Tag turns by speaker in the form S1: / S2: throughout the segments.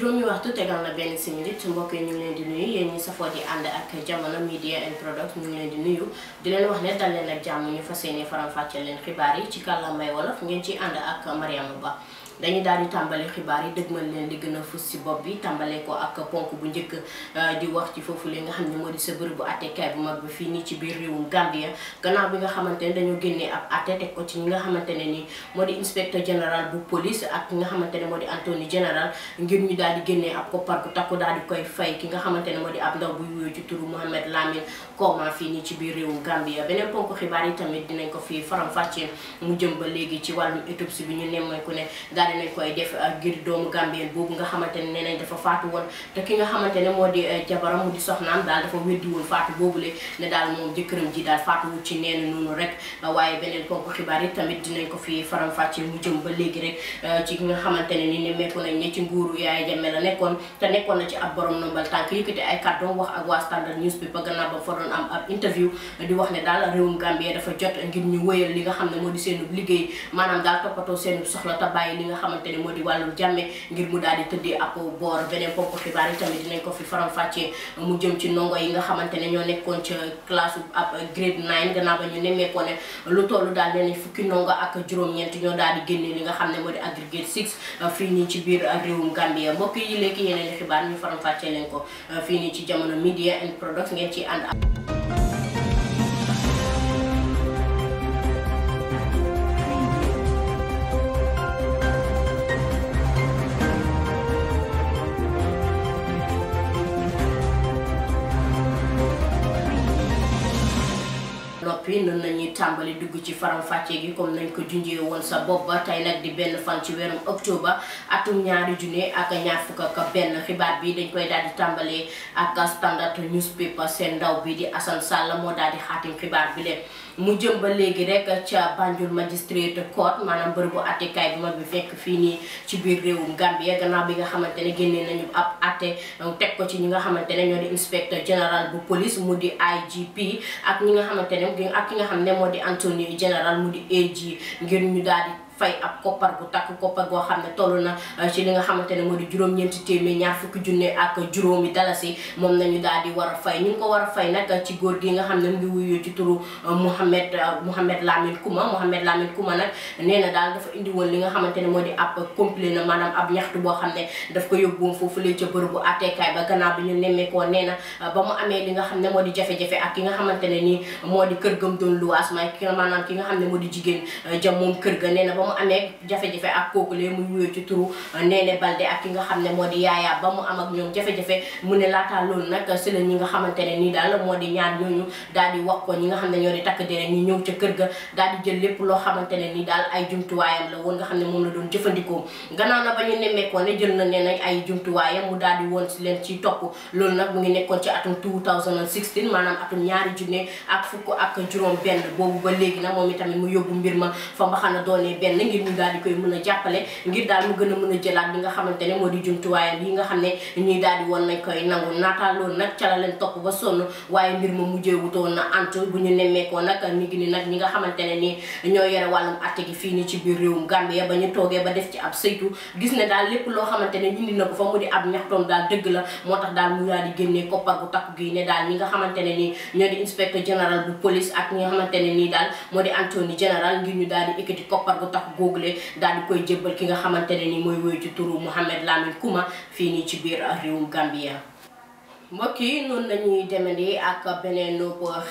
S1: juróomi waxtu tegal na benn simili ci mbokk yi ñu ngi leen di nuyu yéen ñi safoo di ànd ak jamono media and product ñu ngi leen di nuyu di leen wax ne dal leen ak jàmm ñu fa yéene faram fàcceel leen xibaar yi ci kàllaamay wolof ngeen ci ànd ak Mariama Ba dañu daal di tàmbali xibaar yi dëgmal leen di gën a fës si bopp bi tàmbalee ko ak ponk bu njëkk euh, di wax ci foofu li nga xam ne moo di sa bërëbu attekaay bu mag bi fii nii ci biir réewum Gambia gannaaw bi nga xamante ne dañoo génnee ab atte ko ci ñi nga xamante ne ni moo di inspecteur général bu police ak nga xamante ne moo di Anthony général ngir ñu daal di génnee ab koppar bu takku daal di koy fay ki nga xamante ne moo di ab ndaw bu wuyoo ci turu Mohamed Lamine Koma fii nii ci biir réewum Gambia beneen ponk xibaar yi tamit dinañ ko fii faram-fàccee mu jëm ba léegi ci wàllum autopsie bi ñu nemmeeku ne daal di nañ koy def euh, ne nee nañ dafa faatu woon te ki nga xamante ne moo di euh, jabaram mu di soxnaam daal dafa weddi ji daal faatu wu ci nee na noonu rek waaye beneen kooku ko fi faram-fàccee mu jëm ba léegi rek euh, ki nga xamante ne ne mekku nañ ne ci nguuru Yaya Jammeh la nekkoon te nekkoon na ci ab borom nombal tànk yëkkati ay kàddoom wax ak waa Standard News bi ba gannaaw ba fa doon am ab interview di wax ne daal réewum Gambie dafa jot ngir ñu wëyal li nga xam ne moo di seen liggéey maanaam daal toppatoo seen soxla te li nga xamante ne moo di wàllum jàmme ngir mu daal di tëddee ab boor beneen pompe xibaar yi tamit dinañ ko fi faram-fàccee mu jëm ci ndongo yi nga xamante ne ñoo nekkoon ca classe ab grade 9 gannaaw ba ñu nemmeekoo ne lu tollu daal nee nañ fukki ndongo ak juróom-ñeent ñoo daal di génne li nga xam ne moo di aggregate 6 fii nii ci biir réewum Gambia mbokk yi léegi yeneen i xibaar ñu faram-fàccee lañ ko fii nii ci jamono media and products ngeen ci ànd ak noppi nun tambali tàmbali dugg ci faram fàcce gi comme nañ ko junjee woon sa bopp ba tey di ben fan ci weerum octobre atum ñaari junne ak ñaar fukk ak benn xibaar bi dañ koy daal di ak standard newspaper seen ndaw bi di Assane Sall mo daal di xaatim xibaar bi leen mu jëm ba légui rek ci banjul magistrate court maanaam atté kay bi ma bi fekk fi ni ci biir réewum gambie gannaaw bi nga xamante génné génnee nañu ab donc tek ko ci ñi nga xamante ñoo di inspecteur général bu police mu di igp ak ñi nga xamante ak ki nga xam ne moo di Antonio General mu di AG ngir daal fay ak koppar bu takk koppar goo xam ne toll na euh, ci li nga xamante ne moo di juróom-ñeenti téeméer ñaar fukki junne ak juróomi dalasi moom nañu daal di war a fay ñu ngi ko war a fay nag ci góor gi nga xam ne mu ngi wuyoo ci turu euh, Mouhamed euh, Mouhamed Lamine Kouma Mouhamed Lamine Kouma nag nee na daal dafa indi woon li nga xamante ne moo di ab complet na maanaam ab ñaxtu boo xam ne daf ko yóbbu woon foofu lee ca bërëbu àtteekaay ba gannaaw bi ñu nemmeekoo nee na ba mu amee li nga xam ne moo di jafe-jafe ak ki nga xamante ne nii moo di kër gëm doon luwaas maay ki maanaam ki nga xam ne moo di jigéen jam moom kër ga nee mu amee jafe-jafe ak kooku lee muy wuyoo ci turu Néné Balde ak ki nga xam ne moo di Yaya ba mu am ak ñoom jafe-jafe mu ne laataa loolu nag si la nga xamante ne nii daal moo di ñaar ñooñu daal di wax ko ñi nga xam ne ñoo di takk dere ñu ñëw ca kër ga daal di lépp loo xamante ne nii daal ay jumtuwaayam la woon nga xam ne moom la doon jëfandikoo gannaaw na ba ñu nemmeekoo ne jël na nee nañ ay jumtuwaayam mu daal di woon si leen ci topp loolu nag mu ngi nekkoon ci atum 2016 maanaam atum ñaari junne ak fukk ak juróom benn boobu ba léegi nag moom itamit mu yóbbu mbir ma fa mbaxana doonee benn jàppale ngir ñu daal di koy mën a jàppale ngir daal mu gën a mën a jëlaat bi nga xamante ne moo di jumtuwaayam yi nga xam ne ñuy daal di woon nañ koy nangu naataal loolu nag ca la leen topp ba sonn waaye mbir ma mujjee wutoon na mi ngi ni nag ne nii ñoo yore wàllum atte gi fii ni ci biir réewum Gambie ba def ci ab saytu gis ne daal lépp loo xamante ne indi na ko fa mu dëgg la moo tax daal mu daal di génnee koppar bu takku gi ne daal ñi nga xamante nii ñoo di inspecteur général bu police ak ñi nga xamante ne nii daal moo di Anthony général ngir ñu daal di ekkati koppar bu takku sax google daal di koy jébbal ki nga xamante ne ni mooy wéy ju turu Mouhamed Lamine Kuma fii nii ci biir réewum Gambia mbokk yi noonu la ñuy demandi ak beneen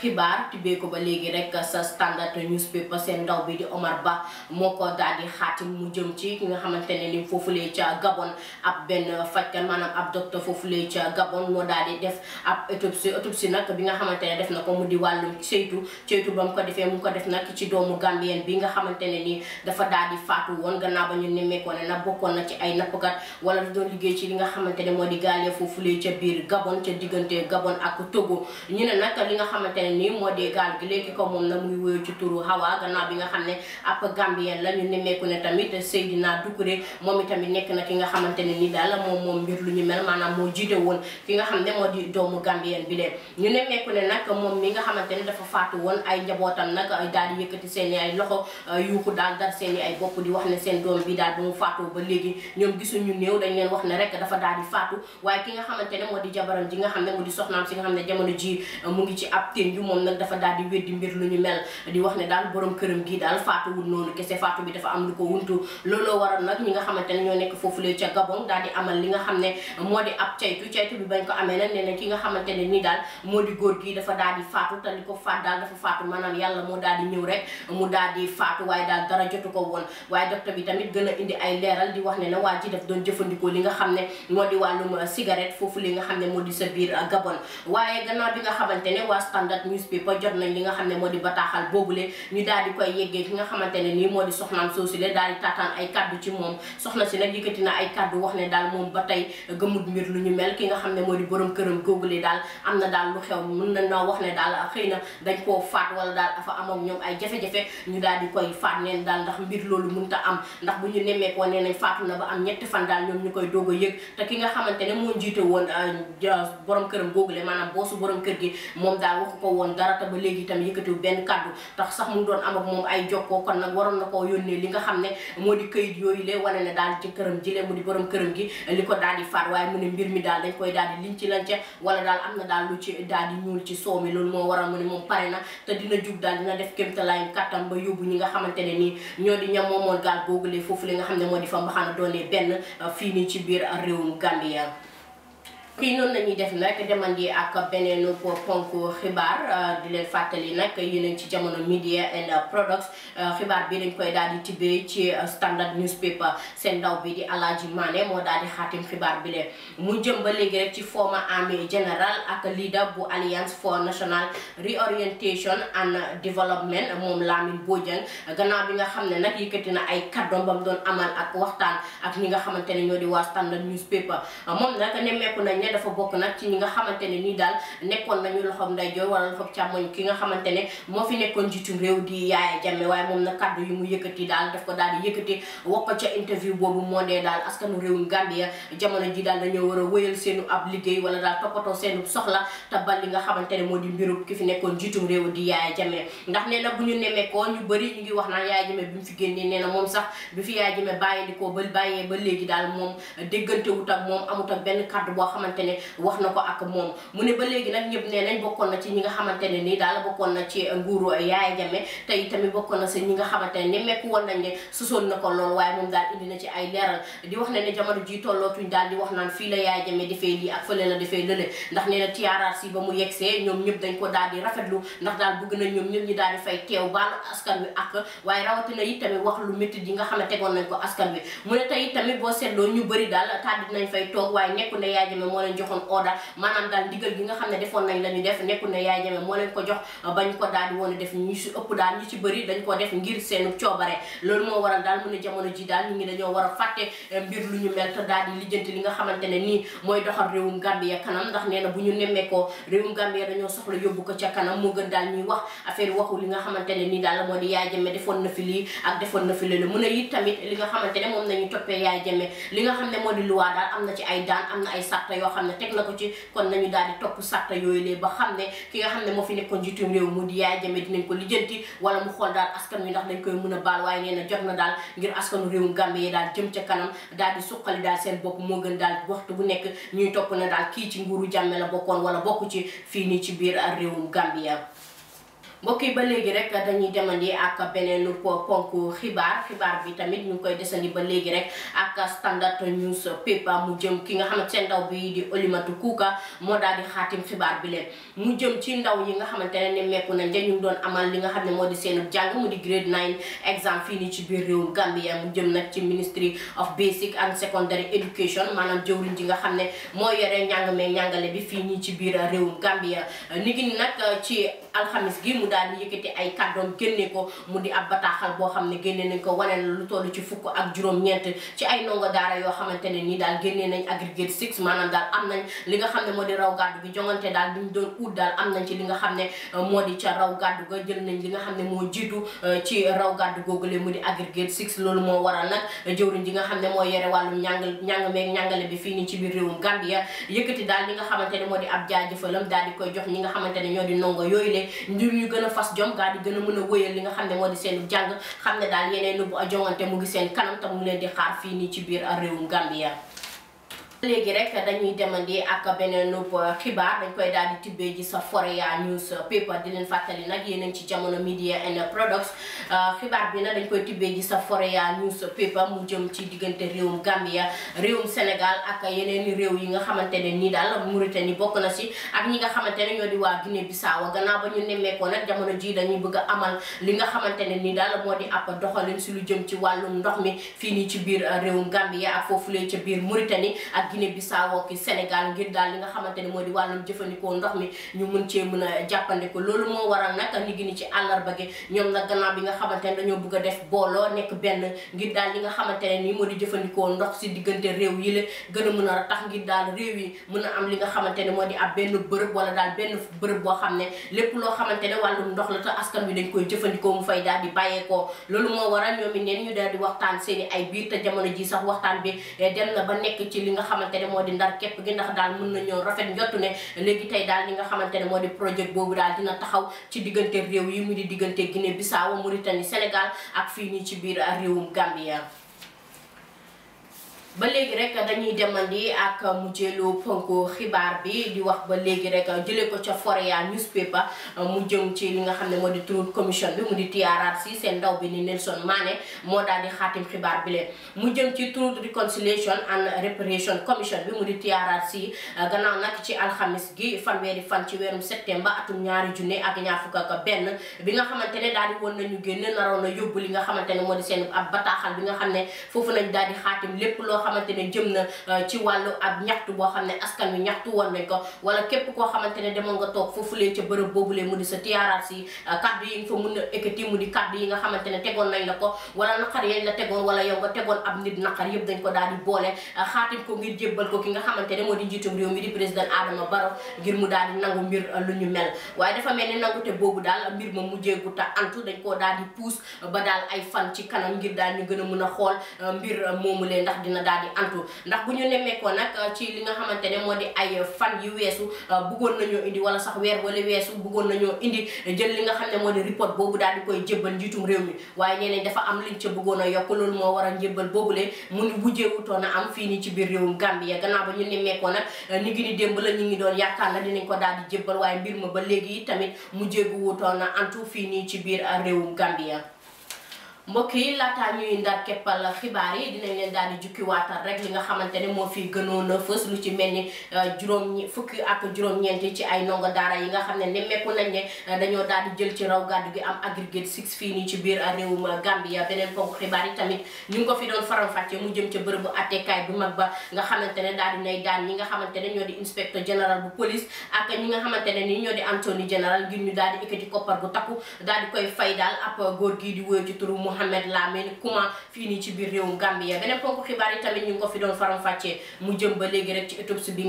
S1: xibaar tibbee ko ba léegi rek sa standard newspaper seen ndaw bi di Omar Ba moo ko daal di xaatim mu jëm ci ki nga xamante ne ni foofulee ca Gabon ab benn fajkat maanaam ab docteur foofulee ca Gabon moo daal di def ab autopsie autopsie nag bi nga xamante ne def na ko mu di wàllum saytu saytu ba mu ko defee mu ko def nag ci doomu Gambien bi nga xamante ne ni dafa daal di faatu woon gannaaw ba ñu nemmeekoo ne na bokkoon na ci ay nappkat wala doon liggéey ci li nga xamante ne moo di gaalee foofulee ca biir Gabon ci digënté gabon ak togo ñu né nak li nga xamanté ni mo dé gal gi légui ko mom na muy wëyu ci turu hawa ganna bi nga xamné ap ab gambien la ñu ko né tamit seydina dukure momi tamit nek na ki nga xamanté ni nii daal moom moom mbir lu ñu mel manam mo jité won ki nga xamné mo di doomu gambien bi lee ñu ko né nak mom mi nga xamanté ne dafa faatu won ay njabootam nag daal di yëkkati seen ay loxo ko daal dar seen ay bop di wax né seen doom bi daal bu mu faatoo ba ñom gisunu ñu néw dañ leen wax né rek dafa daal di faatu waye ki nga xamanté ne di jabaram ji ji nga xamne mu di soxnam si nga xamne jamono ji euh, mu ngi ci ab teen yu mom nak dafa dal di weddi mbir lu mel di wax ne dal borom kërëm gi faatu wul nonu kesse faatu bi dafa am lu ko wuntu lolo waral nak ñi nga xamante ño nek fofu le ci gabon dal di amal li nga xamne modi moo di ab caytu tu bi bañ ko amé nag nee ki nga xamante ni dal modi gor gi dafa dal di faatu tan li faat dal dafa faatu manam yalla mo dal di ñew rek mu dal di faatu way dal dara jottu ko won way docteur bi tamit gëna indi ay leral di wax ne na waji daf doon jëfëndiko li nga xamne modi walum euh, cigarette fofu li nga xamne modi sa sa a Gabon waaye gannaaw bi nga xamante ne waa Standard newspaper jot nañ li nga xam ne moo di bataaxal boobule ñu daal di koy yeggee ki nga xamante ne moo di lu ñu mel ne moo di borom këram googule daal am na daal lu xew mën na noo wax ne daal xëy na dañ koo faat wala daal dafa amoon ñoom ay jafe-jafe ñu daal di koy faat neen daal ndax mbir loolu mënta am ndax bu ñu nemmeekoo nee nañ faatu na ba am ñetti fan daal a woon euh, borom kërëm googule maanaam boosu borom kër gi mom da wax ko won dara ta ba léegi tam yëkkatiwu ben kàddu tax sax mu doon am ak mom ay jokkoo kon nak waron nako yonne li nga xam modi moo di këyit yooyu lee ci këram ji mu di borom këram gi liko dal di faat way mu ne mbir mi dal dañ koy dal di liñ ci wala dal amna dal lu ci dal di ñuul ci soomi lool mo waral mu ne moom pare na te dina juk dal dina def kémtalaayam katam ba yobbu ñi nga xamante ne nii ñoo di ñam momol gal googule fofu li nga xam modi fa mbaxana doone ben fini ci bir rewum Gambia kii noonu la ñuy def nag demandi ak beneen ponk xibaar euh, di leen fàttali nag yi yéen ci jamono media and products euh, xibaar bi dañ koy daal di tibbee ci euh, standard newspaper seen daw bi di Alaaji Mané moo daal di xaatim xibaar bi leen mu jëm ba léegi rek ci former armée général ak leader bu alliance for national reorientation and development moom boo Bojang gannaaw bi nga xam ne nag yëkkati na ay kàddoom ba mu doon amal ak waxtaan ak ñi nga xamante ne ñoo di waa standard newspaper ne dafa bokk nag ci ñi nga xamante ne nii daal nekkoon nañu loxoom ndeyjoor wala loxoom càmmoñ ki nga xamante ne moo fi nekkoon jiitum réew di Yaya Jammeh waaye moom nag kàddu yu mu yëkkati daal daf ko daal di ko ca interview boobu moo dee daal askanu réewum Gambia jamono ji daal dañoo war a wëyal seenu ab liggéey wala daal toppatoo seenu soxla te bal li nga xamante ne moo di mbirub ki fi nekkoon jiitum réew di Yaya Jammeh ndax nee na bu ñu nemmeekoo ñu bëri ñu ngi wax naan Yaya Jammeh bi mu fi génnee nee na moom sax bi fi Yaya Jammeh bàyyee di ko ba bàyyee ba léegi daal moom déggante wut ak moom amut ak benn kàddu boo xamante xamante ne wax na ko ak moom mu ne ba léegi nag ñëpp na ci ñi nga xamante ne nii daal bokkoon na ci nguuru Yaaya Jammeh tey tamit na si ñi nga xamante ne nemmeeku woon nañ ne susoon na ko lool waaye moom daal indi na ci ay leeral di wax ne ne jamono ji tollootuñ daal di wax naan fii la Yaaya Jammeh defee lii ak fële la defee lële ndax nee na tiyaaraar si ba mu yegsee dañ ko daal di rafetlu ndax daal bëgg na ñoom ñëpp ñu daal di fay teew baalu askan wi ak waaye rawatina yi tamit wax lu métti yi nga xam ne tegoon nañ ko askan wi mu ne tey tamit boo seetloo ñu bëri daal tàddi nañ fay toog waaye nekku ne Yaaya Jammeh moo leen joxoon order maanaam daal ndigal gi nga xam ne defoon nañ la ñu def nekkul ne yaay jame moo leen ko jox bañ ko daal di woon a def ñu si ëpp daal ñu ci bëri dañ ko def ngir seenu coobare loolu moo waral daal mu ne jamono ji daal ñu ngi dañoo war a fàtte eh, mbir lu ñu mel te daal di lijjanti li nga xamante ne nii mooy doxal réewum Gambia kanam ndax nee na bu ñu nemmeekoo réewum Gambia dañoo soxla yóbbu ko ca kanam moo gën daal ñuy wax affaire waxu li nga xamante ne nii daal moo di yaay jame defoon na fi lii ak defoon na fi léegi mu ne it tamit li nga xamante ne moom nañu toppee yaay jame li nga xam ne moo di luwaa daal am na ci ay daan am na ay sàtta yoo xam ne teg na ko ci kon nañu daal di topp sàtta yooyu lee ba xam ne ki nga xam ne moo fi nekkoon njiitum réew mu di Yaaya Jammeh dinañ ko lijjanti wala mu xool daal askan wi ndax dañ koy mun a baal waaye nee na jot na daal ngir askanu réewum Gambie yi daal jëm ca kanam daal di suqali daal seen bopp moo gën daal waxtu bu nekk ñuy topp na daal kii ci nguuru Jammeh la bokkoon wala bokku ci fii nii ci biir réewum Gambie mbokk yi ba léegi rek dañuy demandi ak beneen ponk xibaar xibaar bi tamit ñu ngi koy desandi ba léegi rek ak standard news paper mu jëm ki nga xamante ne ndaw bi di Oulimatou Kuka moo daal di xaatim xibaar bi leen mu jëm ci ndaw yi nga xamante ne nemmeeku nañ te ñu doon amal li nga xam ne moo di seen jàng mu di grade 9 exam fii nii ci biir réewum Gambia mu jëm nag ci ministry of basic and secondary education maanaam jëwriñ ji nga xam ne moo yore njàng meeg njàngale bi fii nii ci biir réewum Gambia ni ngi nag ci alxamis gi mu daal di yëkkati ay kàddoom génne ko mu di ab bataaxal boo xam ne génne nañ ko wane lu toll ci fukk ak juróom-ñeent ci ay ndongo daara yoo xamante ne nii daal génne nañ agrégate daal am li nga xam ne moo di raw gàddu bi jongante daal bi ñu doon ut daal am li nga xam ne euh, moo di ca raw gàddu ga jël nañ li nga xam ne moo jiitu euh, ci raw gàddu googule mu di agrégate six loolu moo waral nag jëwriñ ji nga xam ne moo yore wàllum ñàngal ñàng meeg ñàngale bi fii nii ci biir réewum Gambia yëkkati daal nga xamante ne moo di ab jaajëfalam daal di koy jox ñi nga xamante ne ñoo di ndongo yooyu le gën a fas jom gaa di gën a mën a wëyal li nga xam ne moo di seen jàng xam ne daal yeneen bu a jongante mu ngi seen kanam tam mu leen di xaar fii nii ci biir réewum Gambia légi rek dañuy demandi ak beneen xibaar dañ koy daal di tibbee ji sa Forea ya news uh, paper di leen fàttali nag yéen ci jamono media and uh, products xibaar uh, bi na dañ koy tibé ji sa Forea ya news paper mu jëm ci digënté réewum Gambia réewum Sénégal ak yeneen réew yi nga xamante ni nii daal Mauritanie bokk na ci ak ñi nga xamante ñoo di wa guiné Bissau gannaaw ba ñu ko nak jamono ji dañuy bëgg amal li nga xamante ni nii daal moo di ab doxalin ci lu jëm ci walum ndox mi fini ci biir réewum Gambia ak foofulee ci biir Mauritanie ak Guinée Bissau ak Sénégal ngir dal li nga xamanteni moo di wàllum jëfandikoo ndox mi ñu mën ci mëna jappandiko loolu mo waral nak ni gini ci àllarba gi ñom nak ganna bi nga xamanteni dañu bëgg def bolo nek ben ngir dal li nga xamanteni ni moo di jëfandikoo ndox si digënté réew yi le gëna mëna tax ngir dal réew yi mëna am li nga xamanteni mo di ab ben bërëb wala dal ben bërëb bo xamné lepp lo xamanteni walum ndox la ta askan bi dañ koy jëfëndiko mu fay dal di ko loolu mo waral ñom ni neen ñu dal di waxtaan seeni ay biir ta jamono ji sax waxtaan bi eh, dem na ba nek ci li nga xamante moo di ndar kepp gi ndax daal mën nañoo rafet njottu ne léegi tey daal li nga xamante ne moo di projet boobu daal dina taxaw ci diggante réew yi mu di diggante Guinée Bissau Mauritanie Sénégal ak fii nii ci biir réewum Gambia ba léegi rek dañuy demandi ak mujjeelu ponko xibaar bi di wax ba léegi rek jëlee ko ca Foroyaa newspaper mu jëm ci li nga xam ne moo di turu commission bi mu di TRRC seen ndaw bi ni Nelson Mané moo daal di xaatim xibaar bi leen mu jëm ci turu reconciliation and reparation commission bi mu di TRRC gannaaw nag ci alxamis gi fanweeri fan ci weerum septembre atum ñaari junne ak ñaar fukk ak benn bi nga xamante ne daal di woon nañu génn naroon na yóbbu li nga xamante ne moo di seen ab bataaxal bi nga xam ne foofu nañ daal di xaatim lépp loo xamante ne na euh, ci wàllu ab boo xam ne askan wi ñaxtu woon nañ ko wala képp koo xamante ne demoon nga toog foofulee ca bërëb boobulee mu di sa tiyaaraat si euh, a ekkati di kaddu yi nga xamante ne tegoon ko wala naqar yañ wala yow nga tegoon ab nit naqar yëpp dañ ko daal di euh, ko ngir jébbal ko ki nga xamante ne moo di njiitum réew mi di président Adama Barrow ngir mu daal di nangu mbir lu ñu mel waaye dafa mel ni nangute boobu daal mbir ma mujjeegu ta antu dañ koo daal di puus ba daal ay fan ci kanam ngir daal ñu gën a mën a xool mbir moomu lee ndax dina daal daal di antu ndax bu ñu nemmeekoo nag euh, ci li nga xamante ne moo di ay fan yu weesu euh, bëggoon nañoo indi wala sax weer wala weesu bëggoon ñoo indi jël li nga xam ne moo di ripot boobu daal di koy jébbal njiitum réew mi waaye nee nañ dafa am liñ ca bëggoon a yokk loolu moo waral njébbal boobule mu ni wujjeewutoon a am fii nii ci biir réewum Gambia gannaaw ba ñu nemmeekoo nag euh, ni ngi ni démb la ñu ngi doon yaakaar na dinañ ko daal di jébbal waaye mbir ma ba léegi tamit mujjeegu wutoon a antu fii nii ci biir réewum Gambia mbokk yi laataa ñuy ndar keppal xibaar yi dinañ leen daal di jukkiwaatal rek li nga xamante ne moo fi gënoon a fës lu ci mel ni euh, juróom fukki ak juróom-ñeenti ci ay ndongo daara yi nga xam ne nemmeeku nañ ne euh, dañoo di jël ci raw gi am agrégate six fii nii ci biir euh, réewum Gambia beneen ponk xibaar yi tamit ñu ngi ko fi doon faram-fàccee mu jëm ca bërëbu attekaay bu mag ba nga xamante ne daal di nay daan ñi nga xamante ne ñoo di inspecteur général bu police ak ñi nga xamante ne ni ñoo di antony général ngir ñu daal di ikkati koppar bu takku daal di koy fay daal ab góor gii di wóor turu Mouhamed Lamine Kouma fii nii ci biir réewum Gambia beneen ponk xibaar yi tamit ñu ngi ko fi doon faram-fàccee mu jëm ba léegi rek ci autopsie bi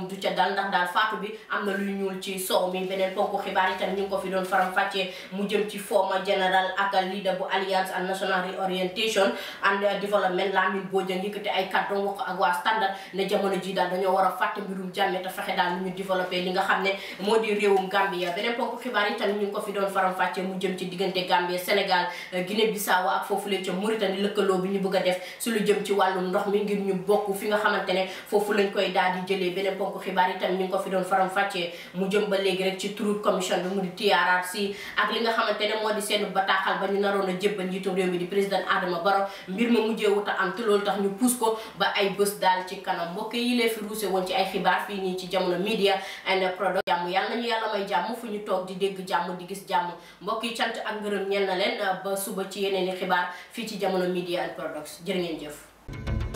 S1: euh, du ca dal ndax daal faatu bi na luy ñuul ci soow mi beneen ponk xibaar yi ko fi doon faram-fàccee mu jëm ci former général ak leader bu Alliance a National Reorientation and Development Lamine Bojang yëkkati ay kàddoom wax ko ak waa standard ne jamono ji daal dañoo war a fàtte mbirum jàmme te fexe daal ñu développé li nga xam xam ne moo di réewum Gambia beneen ponk xibaar yi tamit ñu ngi ko fi doon faram-fàccee mu jëm ci diggante Gambia Sénégal euh, Guinée Bissau ak foofu lañ ca Mauritanie lëkkaloo bëgg a def su lu jëm ci wàllum ndox mi ngir ñu bokk fi nga xamante ne foofu lañ koy daal di jëlee beneen ponk xibaar yi tamit ko fi doon faram-fàccee mu jëm ba léegi rek ci turu commission bi mu di si ak li nga xamante ne moo di seen bataaxal ba ñu naroon a jébbal njiitum réew mi di président Adama Barrow mbir ma mujjee wuta am te loolu tax ñu puus ko ba ay bés daal ci kanam mbokk yi lee fi ruuse woon ci ay xibaar fii nii ci jamono media and doo jàmm yàlla nañu yàlla may jàmm fu ñu toog di dégg jàmm di gis jàmm mbokk yi cant ak ngërëm ñel leen ba suba ci yeneen xibaar fii ci jamono media and products jërë ngeen jëf